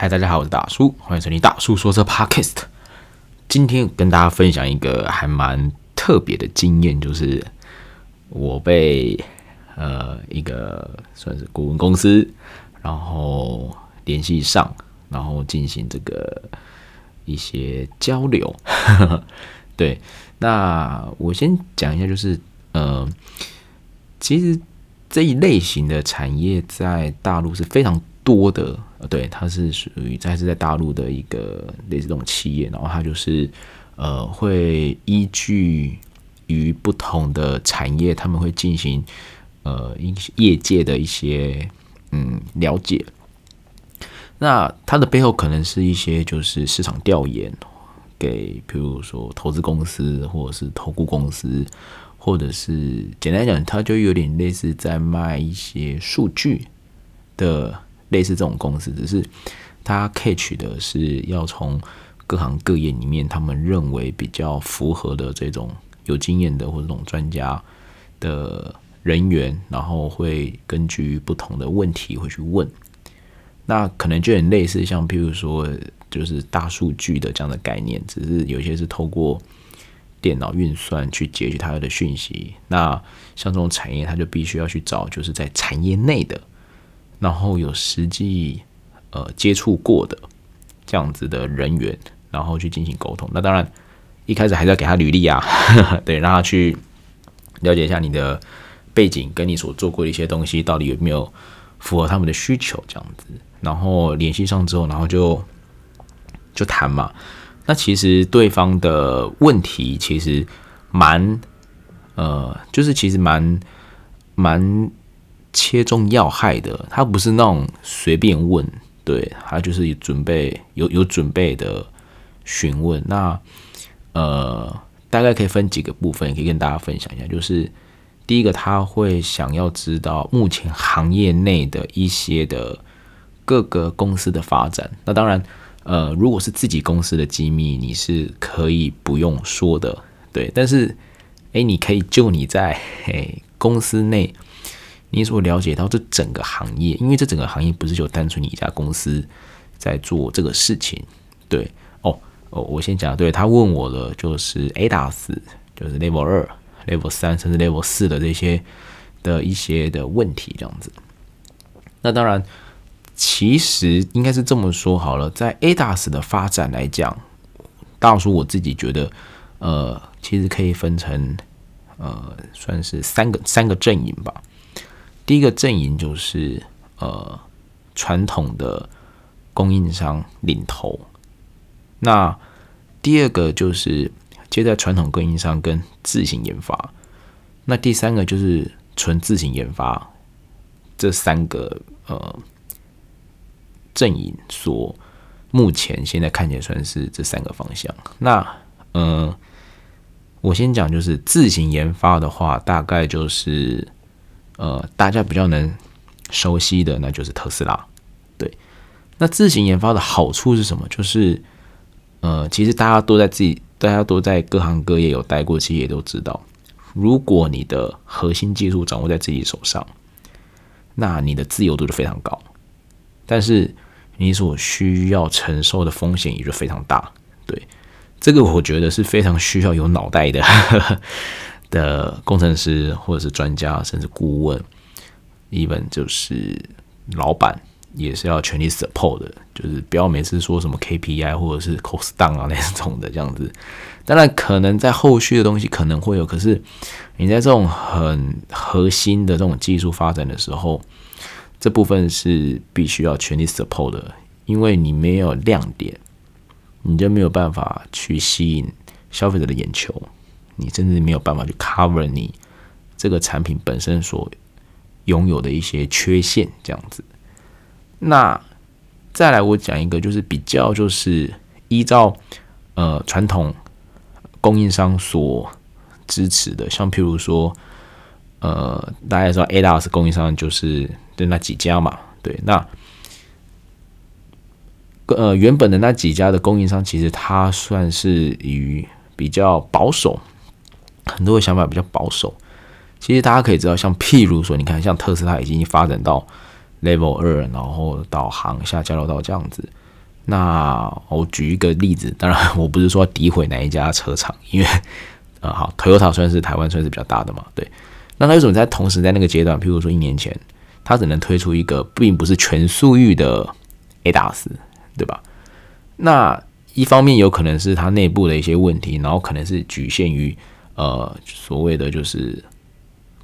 嗨，大家好，我是大叔，歡迎收聽《大叔說車》Podcast。今天跟大家分享一個還蠻特別的經驗，就是我被呃一個算是顧問公司，然後聯繫上，然後進行這個一些交流。 對，那我先講一下，就是呃，其實這一類型的產業在大陸是非常多的呃，對，它是屬於，它是在大陸的一個類似這種企業，然後它就是呃，會依據於不同的產業，他們會進行呃，一些業界的一些嗯了解。那它的背後可能是一些就是市場調研，給比如說投資公司或者是投顧公司，或者是，或者是簡單講，它就有點類似在賣一些數據的。類似這種公司，只是他 catch 的是要從各行各業裡面，他們認為比較符合的這種有經驗的或者這種專家的人員，然後會根據不同的問題會去問。那可能就很類似，像譬如說，就是大數據的這樣的概念，只是有些是透過電腦運算去截取它的訊息。那像這種產業，他就必須要去找，就是在產業內的。然後有實際呃接觸過的這樣子的人員，然後去進行溝通。那當然一開始還是要給他履歷啊呵呵，對，讓他去了解一下你的背景，跟你所做過的一些東西到底有沒有符合他們的需求這樣子。然後聯繫上之後，然後就就談嘛。那其實對方的問題其實蠻呃，就是其實蠻蠻。切中要害的，他不是那種隨便問，對，他就是有準備，有有準備的詢問。那呃，大概可以分幾個部分，可以跟大家分享一下。就是第一個，他會想要知道目前行業內的一些的各個公司的發展。那當然，呃，如果是自己公司的機密，你是可以不用說的，對。但是，誒、欸，你可以就你在誒、欸、公司內。你所了解到這整個行業，因為這整個行業不是就單純你一家公司在做這個事情，對，哦，哦，我先講，對，他問我的就是 ADAS，就是 Level 二、Level 三甚至 Level 四的這些的一些的問題，這樣子。那當然，其實應該是這麼說好了，在 ADAS 的發展來講，大叔我自己覺得，呃，其實可以分成呃，算是三個三個陣營吧。第一個陣營就是呃傳統的供應商領頭，那第二個就是接著傳統供應商跟自行研發，那第三個就是純自行研發。這三個呃陣營，所目前現在看起來算是這三個方向。那呃我先講就是自行研發的話，大概就是。呃，大家比較能熟悉的，那就是特斯拉，對。那自行研發的好處是什麼？就是，呃，其實大家都在自己，大家都在各行各業有待過，其實也都知道，如果你的核心技術掌握在自己手上，那你的自由度就非常高，但是你所需要承受的風險也就非常大。對，這個我覺得是非常需要有腦袋的。 的工程師或者是專家，甚至顧問，even 就是老闆也是要全力 support 的，就是不要每次說什麼 KPI 或者是 cost down 啊那種的這樣子。當然，可能在後續的東西可能會有，可是你在這種很核心的這種技術發展的時候，這部分是必須要全力 support 的，因為你沒有亮點，你就沒有辦法去吸引消費者的眼球。你真的沒有辦法去 cover 你這個產品本身所擁有的一些缺陷，這樣子。那再來，我講一個，就是比較，就是依照呃傳統供應商所支持的，像譬如說，呃，大家也知道 ADAS 供應商，就是對那幾家嘛，對，那呃原本的那幾家的供應商，其實它算是於比較保守。很多的想法比較保守，其實大家可以知道，像譬如說，你看，像特斯拉已經發展到 Level 二，然後導航、下交流道這樣子。那我舉一個例子，當然我不是說詆毀哪一家車廠，因為啊、嗯，好，Toyota 算是台灣算是比較大的嘛，對。那他為什麼在同時在那個階段，譬如說一年前，他只能推出一個，並不是全速域的 ADAS 對吧？那一方面有可能是它內部的一些問題，然後可能是局限於。呃，所謂的就是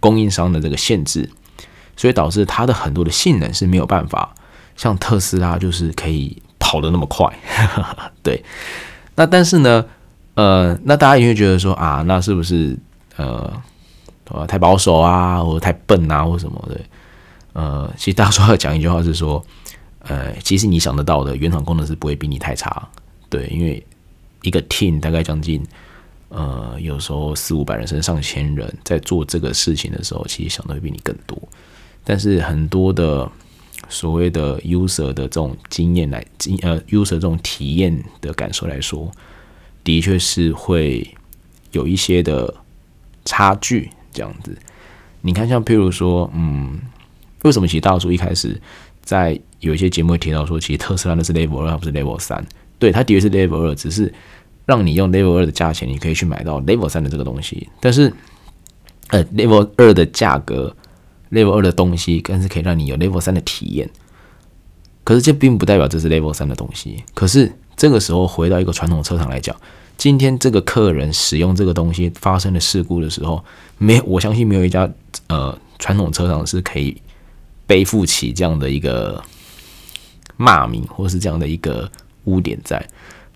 供應商的這個限制，所以導致它的很多的性能是沒有辦法像特斯拉就是可以跑得那麼快。 對，那但是呢，呃，那大家也會覺得說啊，那是不是呃呃，太保守啊，或者太笨啊，或什麼的？呃，其實大家說要講一句話是說，呃，其實你想得到的，原廠功能是不會比你太差。對，因為一個 team 大概將近。呃，有時候四五百人甚至上千人在做這個事情的時候，其實想的會比你更多。但是很多的所謂的 user 的這種經驗來，經呃，user 這種體驗的感受來說，的確是會有一些的差距。這樣子，你看，像譬如說，嗯，為什麼其實大叔一開始在有一些節目會提到說，其實特斯拉那是 level 二，不是 level 三？對，它的確是 level 二，只是。讓你用 Level 2的價錢，你可以去買到 Level 3的這個東西。但是，呃，Level 2的價格、Level 2的東西更是可以讓你有 Level 3的體驗。可是，這並不代表這是 Level 3的東西。可是，這個時候回到一個傳統車廠來講，今天這個客人使用這個東西發生的事故的時候，沒有，我相信沒有一家呃傳統車廠是可以背負起這樣的一個罵名，或是這樣的一個污點在。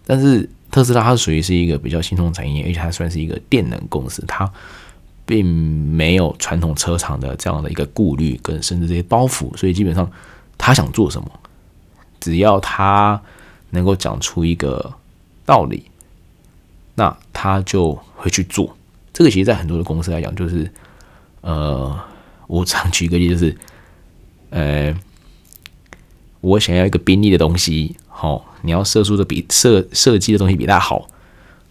但是。特斯拉它屬於是一個比較新興產業，而且它算是一個電能公司，它並沒有傳統車廠的這樣的一個顧慮，跟甚至這些包袱。所以基本上，它想做什麼，只要它能夠講出一個道理，那它就會去做。這個其實，在很多的公司來講，就是呃，我常舉個例，就是，呃、欸，我想要一個賓利的東西。好，你要射出的比射設計的東西比他好，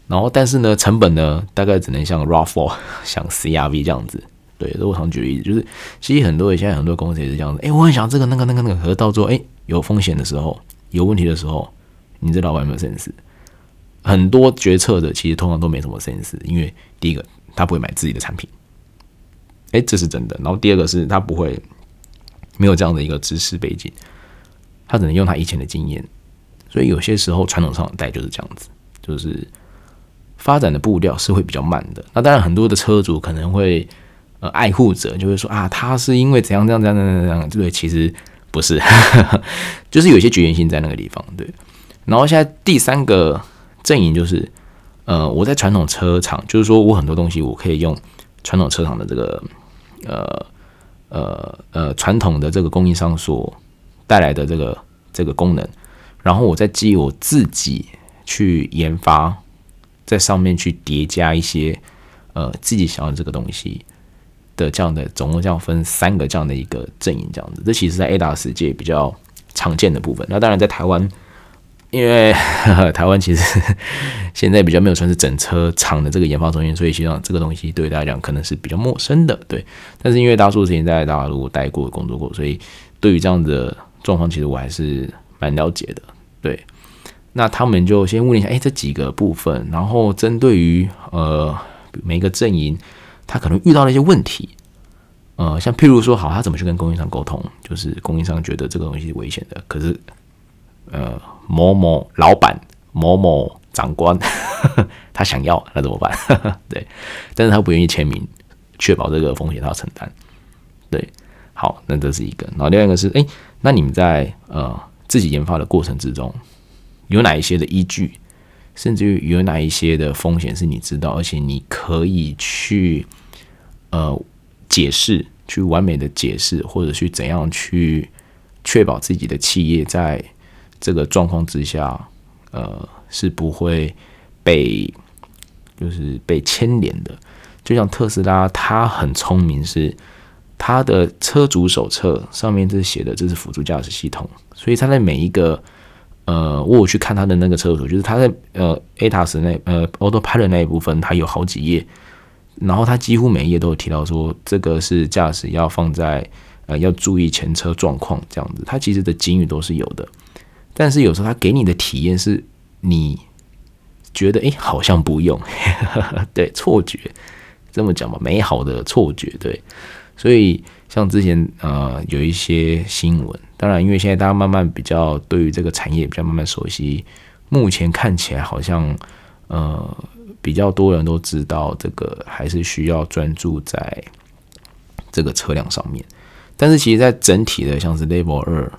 然後但是呢，成本呢大概只能像 Rav4、像 CRV 這樣子。對，所以我常舉例，就是其實很多現在很多公司也是這樣子。哎、欸，我很想這個那個那個那個，可是到做哎、欸、有風險的時候，有問題的時候，你這老板沒有 sense。很多決策的其實通常都沒什麼 sense，因為第一個他不會買自己的產品，哎、欸，這是真的。然後第二個是他不會沒有這樣的一個知識背景，他只能用他以前的經驗。所以有些時候傳統上的代就是這樣子，就是發展的步調是會比較慢的。那當然很多的車主可能會呃愛護者就會說啊，他是因為怎樣怎樣怎樣怎樣怎樣怎樣，對，其實不是， 就是有些局限性在那個地方。對，然後現在第三個陣營就是呃，我在傳統車廠，就是說我很多東西我可以用傳統車廠的這個呃呃呃傳統的這個供應商所帶來的這個這個功能。然後我再基於我自己去研發，在上面去疊加一些呃自己想要的這個東西的這樣的總共這樣分三個這樣的一個陣營這樣子，這其實在 A D A 世界比較常見的部分。那當然在台灣，因為呵呵台灣其實現在比較沒有算是整車廠的這個研發中心，所以實際上這個東西對於大家講可能是比較陌生的。對，但是因為大叔之前在大陸待過、工作過，所以對於這樣的狀況，其實我還是蠻了解的。對，那他們就先問一下，哎、欸，這幾個部分，然後針對於呃每一個陣營，他可能遇到了一些問題，呃，像譬如說，好，他怎麼去跟供應商溝通？就是供應商覺得這個東西是危險的，可是呃，某某老闆、某某長官呵呵他想要，那怎麼辦呵呵？對，但是他不願意簽名，確保這個風險他要承擔。對，好，那這是一個，然後第二個是，哎、欸，那你們在呃。自己研發的過程之中，有哪一些的依據，甚至於有哪一些的風險是你知道，而且你可以去呃解釋，去完美的解釋，或者去怎樣去確保自己的企業在這個狀況之下，呃是不會被就是被牽連的。就像特斯拉，它很聰明是。他的車主手冊上面是這是寫的，這是輔助駕駛系統，所以他在每一個呃，我有去看他的那個車主，就是他在呃，ADAS 那呃，Autopilot 那一部分，他有好幾頁，然後他幾乎每一頁都有提到說，這個是駕駛要放在呃，要注意前車狀況這樣子，他其實的警語都是有的，但是有時候他給你的體驗是，你覺得誒、欸，好像不用， 對，錯覺，這麼講吧，美好的錯覺，對。所以像之前呃有一些新聞，當然因為現在大家慢慢比較對於這個產業比較慢慢熟悉，目前看起來好像呃比較多人都知道這個還是需要專注在這個車輛上面，但是其實在整體的像是 Level 2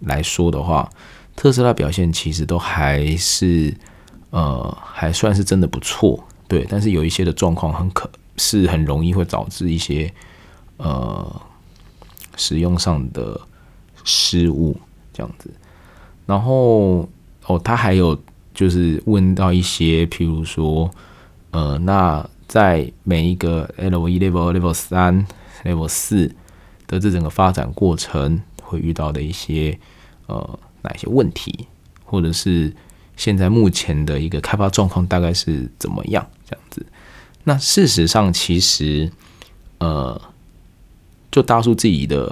來說的話，特斯拉表現其實都還是呃還算是真的不錯，對，但是有一些的狀況很可是很容易會導致一些。呃，使用上的失誤這樣子，然後哦，他還有就是問到一些，譬如說，呃，那在每一個 LE level 一、level 二、level 三、level 四的這整個發展過程，會遇到的一些呃哪些問題，或者是現在目前的一個開發狀況大概是怎麼樣這樣子？那事實上，其實呃。就大數自己的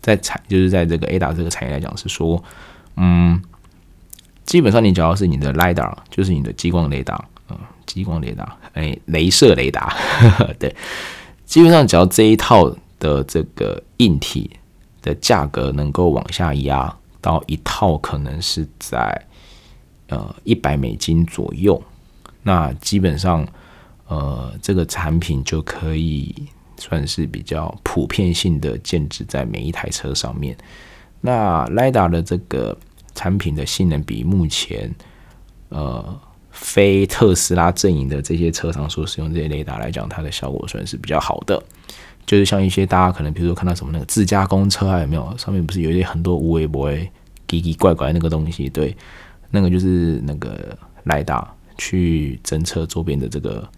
在，在產就是在這個 ADAS 這個產業來講，是說，嗯，基本上你只要是你的 LiDAR 就是你的激光雷達，嗯，激光雷達，哎、欸，鐳射雷達，呵呵，對，基本上只要這一套的這個硬體的價格能夠往下壓到一套，可能是在呃一百美金左右，那基本上呃這個產品就可以。算是比較普遍性的建置在每一台車上面。那 LiDAR 的這個產品的性能，比目前呃非特斯拉陣營的這些車上所使用這些雷達來講，它的效果算是比較好的。就是像一些大家可能，比如說看到什麼那個自家公車還有沒有，上面不是有一些很多無微不微、奇奇怪怪那個東西？對，那個就是那個 LiDAR 去偵測周邊的這個。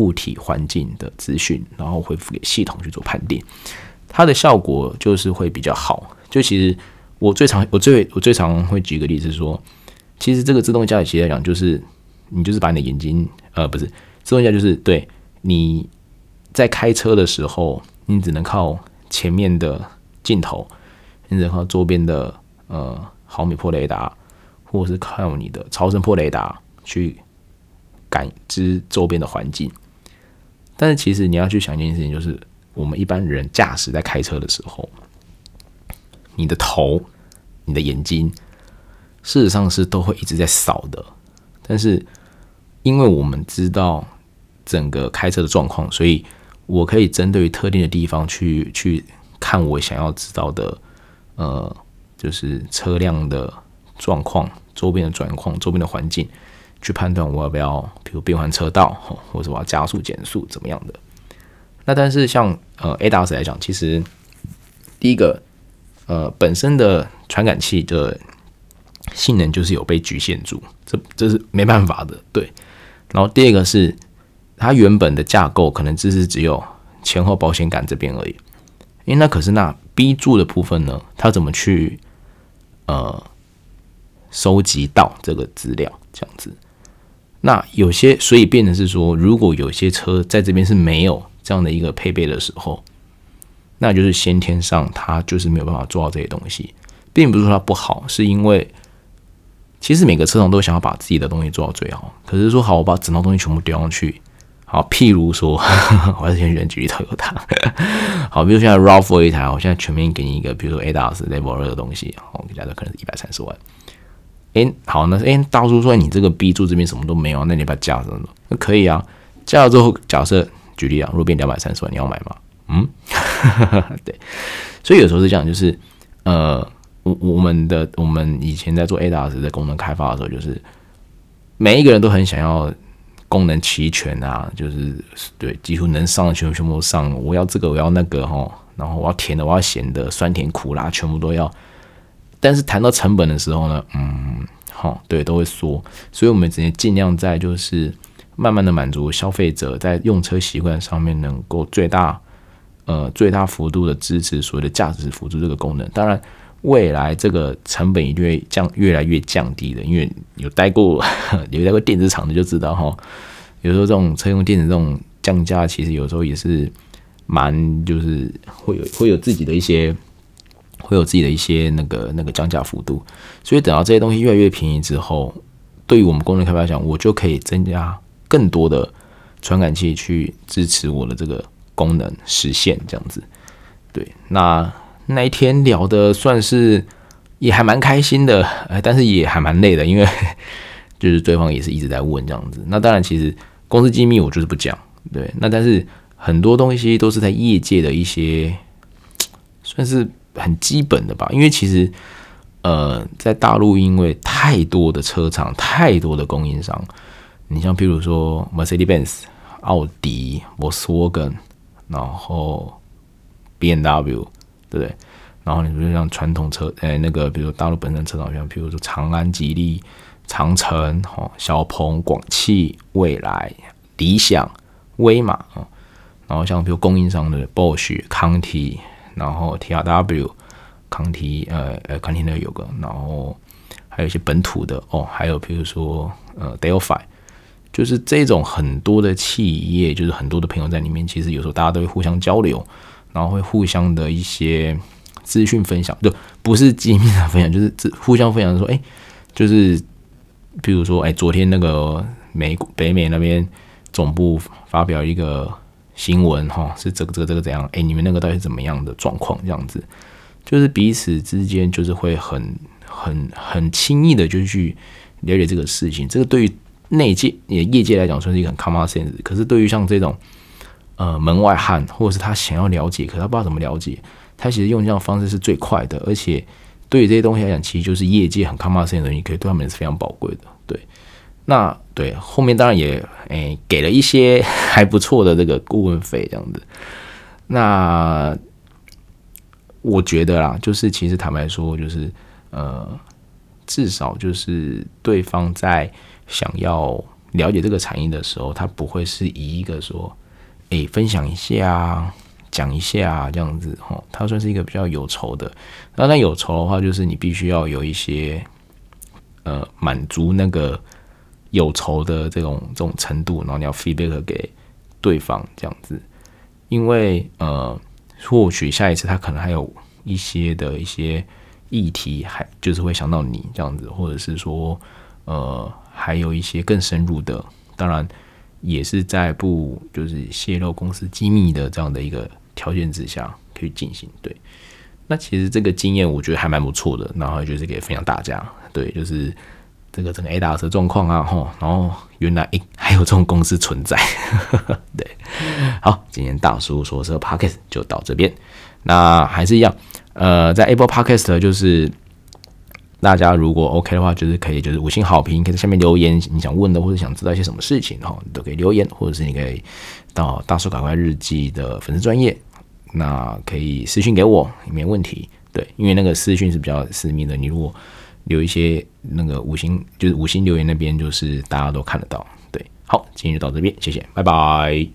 物體環境的資訊，然後回復給系統去做判定，它的效果就是會比較好。就其實我最常我最我最常會舉個例子說，其實這個自動駕駛其實來講，就是你就是把你的眼睛呃不是自動駕駛，就是對你在開車的時候，你只能靠前面的鏡頭，你只能靠周邊的呃毫米波雷達，或者是靠你的超聲波雷達去感知周邊的環境。但是其實你要去想一件事情，就是我們一般人駕駛在開車的時候，你的頭、你的眼睛，事實上是都會一直在掃的。但是，因為我們知道整個開車的狀況，所以我可以針對於特定的地方去去看我想要知道的，呃，就是車輛的狀況、周邊的狀況、周邊的環境。去判斷我要不要，比如變換車道，或者我要加速、減速，怎麼樣的？那但是像呃 ADAS 來講，其實第一個呃本身的傳感器的性能就是有被局限住，這這是沒辦法的，對。然後第二個是它原本的架構可能只是只有前後保險桿這邊而已，因為那可是那 B 柱的部分呢，它怎麼去呃收集到這個資料，這樣子？那有些，所以變成是說，如果有些車在這邊是沒有這樣的一個配備的時候，那就是先天上它就是沒有辦法做到這些東西，並不是說它不好，是因為其實每個車廠都想要把自己的東西做到最好，可是說好，我把整套東西全部丟上去，好，譬如說， 我還是先舉舉例頭有它，好，比如現在 RAV4 一台，我現在全面給你一個，比如說 ADAS、Level 2的東西，好，我們家的可能是一百三十萬。誒、欸，好那誒，大、欸、叔說你這個 B 柱這邊什麼都沒有、啊，那你把它加上那可以啊，加了之後，假設舉例啊，如果變兩百三十萬，你要買嗎？嗯，哈哈哈，對。所以有時候是這樣，就是呃，我我們的我們以前在做 ADAS 的功能開發的時候，就是每一個人都很想要功能齊全啊，就是對，幾乎能上的全部全部都上，我要這個，我要那個哈，然後我要甜的，我要鹹的，酸甜苦辣全部都要。但是談到成本的時候呢，嗯，好，對，都會縮，所以我們只能盡量在就是慢慢的滿足消費者在用車習慣上面能夠最大呃、最大幅度的支持所謂的駕駛輔助這個功能。當然，未來這個成本一定會降越來越降低的，因為有待過有待過電子廠的就知道哈，有時候這種車用電子這種降價，其實有時候也是蠻就是會有會有自己的一些。會有自己的一些那個那個降價幅度，所以等到這些東西越來越便宜之後，對於我們功能開發來講，我就可以增加更多的傳感器去支持我的這個功能實現，這樣子。對，那那一天聊的算是也還蠻開心的，呃，但是也還蠻累的，因為就是對方也是一直在問這樣子。那當然，其實公司機密我就是不講，對，那但是很多東西都是在業界的一些算是。很基本的吧，因為其實，呃，在大陸，因為太多的車廠、太多的供應商，你像譬如說 Mercedes-Benz、奧迪、保時沃根，然後 BMW，對不對，對？然後你比如像傳統車，呃、欸，那個比如說大陸本身車廠，像譬如說長安、吉利、長城、哈、哦、小鵬、廣汽、蔚來、理想、威馬啊、哦，然後像比如供應商的 Bosch 康、康體。然後 TRW 康提，呃呃，康提那有個，然後還有一些本土的哦，還有比如說呃，Delphi，就是這種很多的企業，就是很多的朋友在裡面，其實有時候大家都會互相交流，然後會互相的一些資訊分享，不不是機密的分享，就是互互相分享說，哎，就是比如說哎，昨天那個美北美那邊總部發表一個。新聞哈是這個這個這個怎樣？哎、欸，你們那個到底是怎麼樣的狀況？這樣子，就是彼此之間就是會很很很輕易的就去了解這個事情。這個對於內界也業界來講，算是一個很 common sense。可是對於像這種呃門外漢，或者是他想要了解，可是他不知道怎麼了解，他其實用這樣的方式是最快的。而且對於這些東西來講，其實就是業界很 common sense 的東西，你可以對他們是非常寶貴的。那對後面當然也誒、欸、給了一些還不錯的這個顧問費這樣子。那我覺得啦，就是其實坦白說，就是呃，至少就是對方在想要了解這個產業的時候，他不會是以一個說誒、欸、分享一下、講一下這樣子哦，他算是一個比較有酬的。當然有酬的話，就是你必須要有一些呃滿足那個，有仇的這種這種程度，然後你要 feedback 給對方這樣子，因為呃，或許下一次他可能還有一些的一些議題還，還就是會想到你這樣子，或者是說呃，還有一些更深入的，當然也是在不就是洩露公司機密的這樣的一個條件之下可以進行。對，那其實這個經驗我覺得還蠻不錯的，然後就是給分享大家，對，就是。這個整個 ADAS 的狀況啊，吼，然後原來誒、欸，還有這種公司存在，呵呵對。好，今天大叔說說 Podcast 就到這邊。那還是一樣，呃，在 Apple Podcast 就是大家如果 OK 的話，就是可以就是五星好評，可以在下面留言，你想問的或者想知道一些什麼事情，吼，都可以留言，或者是你可以到大叔搞怪日記的粉絲專頁，那可以私訊給我，沒問題，對，因為那個私訊是比較私密的，你如果有一些那個五星就是五星留言那邊，就是大家都看得到，對，好，今天就到這邊，謝謝，拜拜。